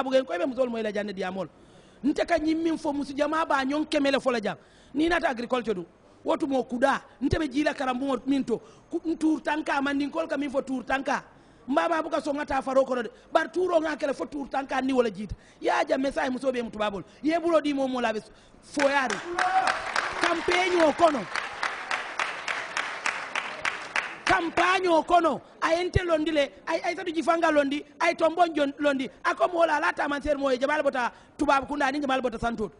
bugen koy ɓe musol moyla jande diyamol nte ka ñimmin fo musi jama ba ñon kemele fola jam ni nata agriculture ɗum wotumo kuɗa nte ɓe jiila karambumo min to tour tanka mandinkol ka min fo tour tanka mbama buka songata faro kono de bar tour oga kele fo tour tanka ni wala jiita ya jam message musoɓe mu tubabol yeɓuro ɗimo molaɓe foyaade campagne o kono campagne o kono ayente londi le ay aysatu jifanga londi ay tombon londi ako moola alata amanseer moye jamal bota tubabu kunda ni jamal bota santot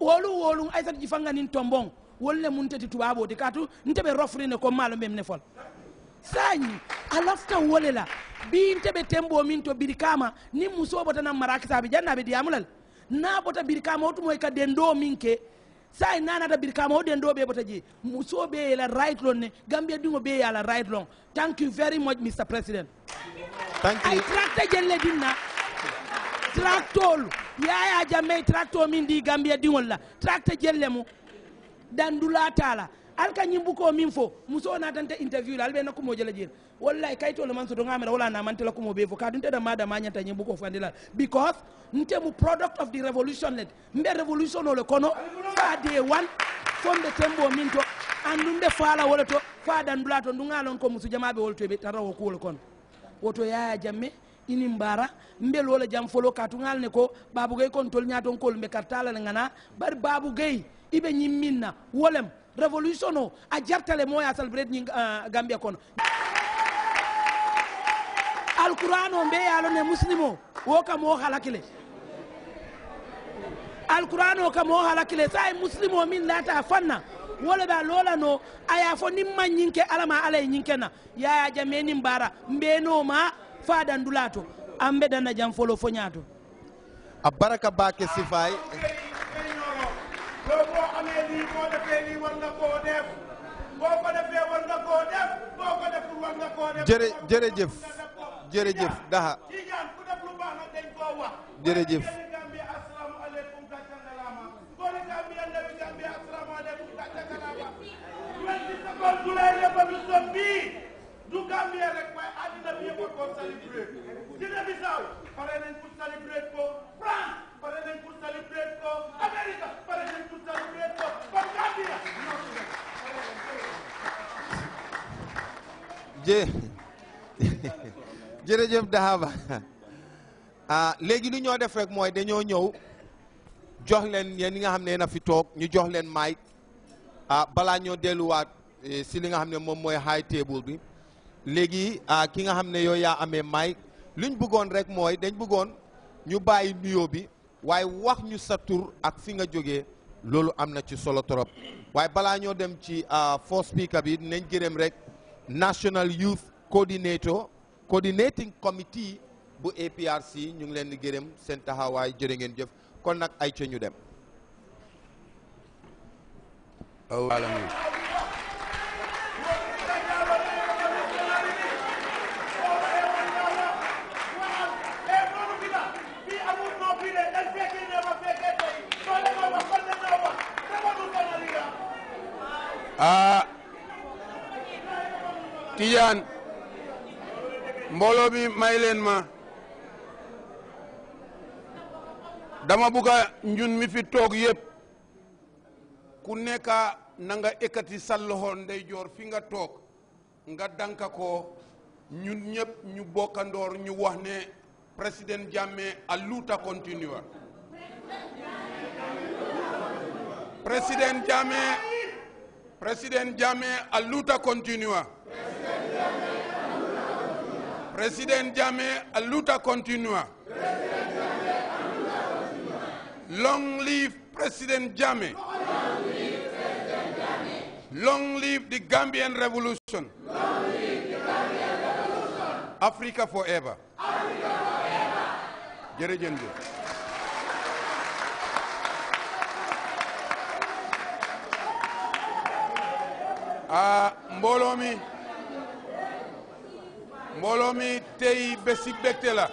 wolu wolu aysatu jifanga nin tombon wolu le mun teti tubabo katu nteɓe rofrine comme malo mem ne fol sañi a lafta wole la bi nteɓe tembo min to birikama ni muso bota nan marakisaɓe jannaɓe diyamulal na bota birikama wotumoy ka den minke ke sa en nanata bir kama hoɗen ɗo ɓe bota jeeyi so ɓe yela right lon ne gambia ɗigo ɓe yala right lon thank you very much mr président ay tracte jelle dinna tractol yaya jammey tracto min ndi gambia ɗigol la tracte jelle mo dandula tala alka ñimbu ko min fo muso natanta interview la alɓe nakkumojo la jeeri wallahi kayit ole man soto ngamira wala na mantela ko mo be fo kadu da mada ma nyanta nyembu ko fandela because nte mu product of the revolution led mbe revolution ole kono fa day one the tembo min to andum de fala wala to fa dandula to ndungalon ko musu jamaabe wol to be tarawo ko wol kono woto yaya jamme ini mbara mbe lola jam folo katungal ne ko babu gay kon tol nyaton kol mbe kartala ngana bar babu gay ibe nyimmina wolem revolution o a jartale moya sal ni uh, gambia kono alqur'ano mbe ye ne muslimo wo kam wo halakile alqur'ano kam wo halakile sa muslimo min lata fanna wole ba lola no a fo niŋ maŋ ñiŋ ala ma ala ye na ya ya jame jamee niŋ baara mbe no ma fo a dandulaa to an be folo fo a baraka ba ke sifay ye boo amee def def ko jërëjëf Daha jërëjëf du Gambia rek waaye àddina bi yëpp ko célébrer Guinée-Bissau pare nañ pour célébrer ko France pare nañ pour célébrer ko Amérique pare nañ pour célébrer ko kon Gambia non je jërëjëf Dahaba ah léegi lu ñoo def rek mooy dañoo ñëw jox leen yéen ñi nga xam ne na fi toog ñu jox leen mic ah balaa ñoo delluwaat eh, si li nga xam ne moom mooy high table bi léegi ah, ki nga xam ne yow yaa amee mic luñ bëggoon rek mooy dañ bëggoon ñu bàyyi nuyoo bi waaye wax ñu sa tur ak fi nga jóge loolu am na ci solo trop waaye balaa ñoo dem ci ah, first speaker bi dinañ gërëm rek national youth coordinator. coordinating committee bu APRC ñu ngi leen di gërëm seen taxawaay jërë ngeen jëf kon nag ay ca ñu dem. mbooloo bi may leen ma dama bugg a mi fi toog yëpp ku nekka na nga ekkati sa ndeyjoor fi nga toog nga danka ko ñun ñëpp ñu bokkandoor ñu wax ne président Jammeh a luta continua président Jammeh président continua President Jame luta continua. Long live President Jame. Long live the Gambian Revolution. Africa forever. Africa forever. Ah, mbooloo mi mbooloo mi tey bési bégte la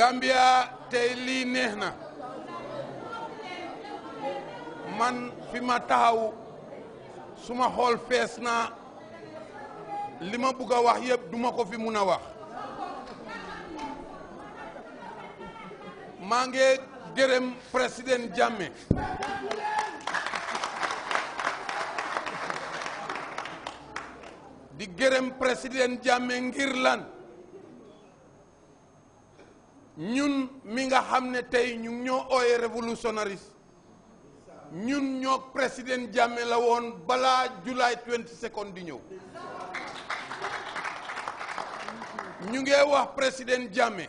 Gambia tey lii man fi ma taxaw suma xool fees na li ma bugg a wax yëpp duma ko fi mun wax di gërëm président Jammeh ngir lan ñun mi nga xam ne tey ñu ñoo ooye révolutionnariste ñun ñoo président Jammeh la woon balaa July di ñëw ñu ngi wax président jàmme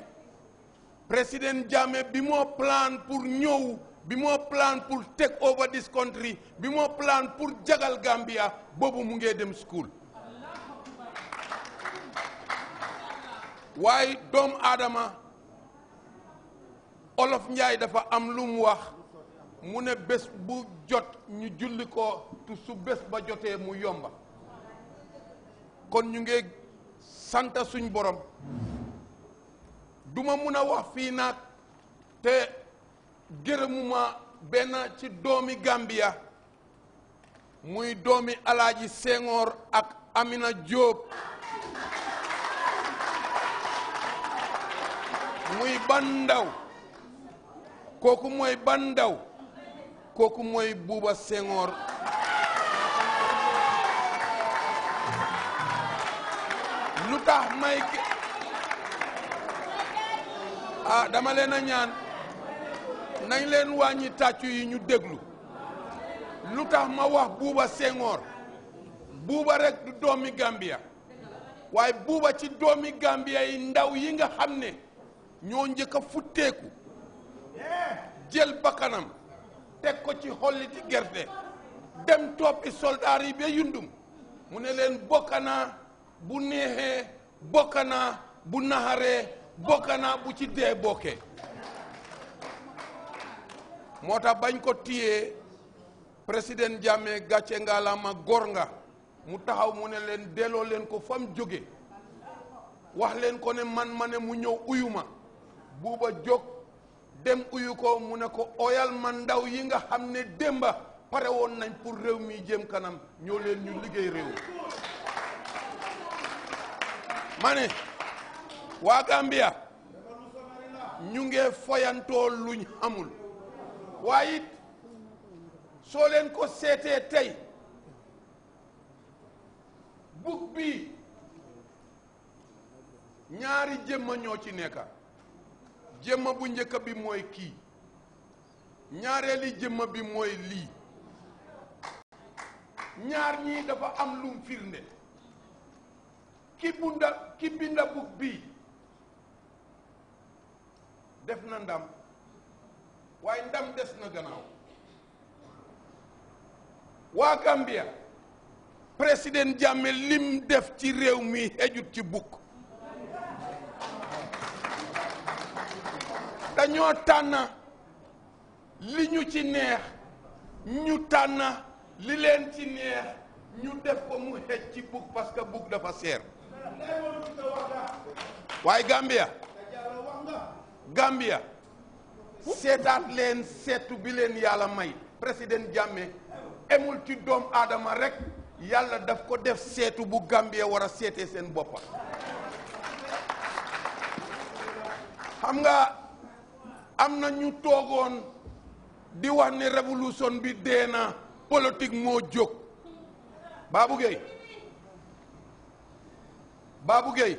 président jàmme bi moo plan pour ñëw bi moo plan pour take over this bi moo plan pour jagal Gambia boobu mu ngee dem school waaye doomu aadama olof njaay dafa am lu mu wax mu ne bés bu jot ñu julli ko tu su bés ba jotee mu yomba kon ñu ngi sant suñ borom duma mun a wax fii naag te gërëmuma benn ci doomi Gambia muy doomi alaaji Senghor ak Amina jóob muy ban ndaw kooku mooy ba ndaw kooku moy buuba sengoor lu tax may ah dama leen a ñaan nañ leen wàññi tàccu yi ñu déglu lu tax ma wax buuba sengoor buuba rek du doomi Gambia waaye buuba ci doomi Gambia yi ndaw yi nga xam ne ñoo njëkk a futteeku jël bakkanam teg ko ci xolliti gerte dem toppi soldaar yi ba yundum mu ne leen bokk naa bu neexee bokk bu naxaree bokk bu ci dee bokkee moo tax bañ ko téyee président Jammeh gàcce ngaalama góor nga mu taxaw mu ne leen delloo leen ko fam jóge wax leen ko ne man ma ne mu ñëw uyuma buuba jóg dem uyu ko mu ne ko oyal man ndaw yi nga xam ne démba pare woon nañ pour réew mi jëm kanam ñoo leen ñu liggéey réew ma ne waa Gambia ñu ngee foyantoo luñ amul waaye it soo leen ko seetee tey bug bi ñaari jëmma ñoo ci nekka jëmma bu njëkk bi mooy kii ñaareeli jëmma bi mooy lii ñaar ñii dafa am lum firnde ki bunda ki binda bii def na ndam waaye ndam des na gannaaw waa Gambia président Jammeh lim def ci réew mi xejut ci bukk dañoo tànn li ñu ci neex ñu tànn li leen ci neex ñu def ko mu xej ci bug parce que bug dafa seer waaye Gambia Gambia seetaat leen seetu bi leen yàlla may président jàmme emul ci doom aadama rek yàlla daf ko def seetu bu Gambia wara a seetee seen boppa xam nga am na ñu toogoon di wax ne révolution bi dee na politique moo jóg Babou Gueye Babou Gueye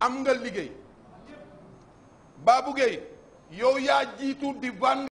am nga liggéey Babou Gueye yow yaa jiitu di van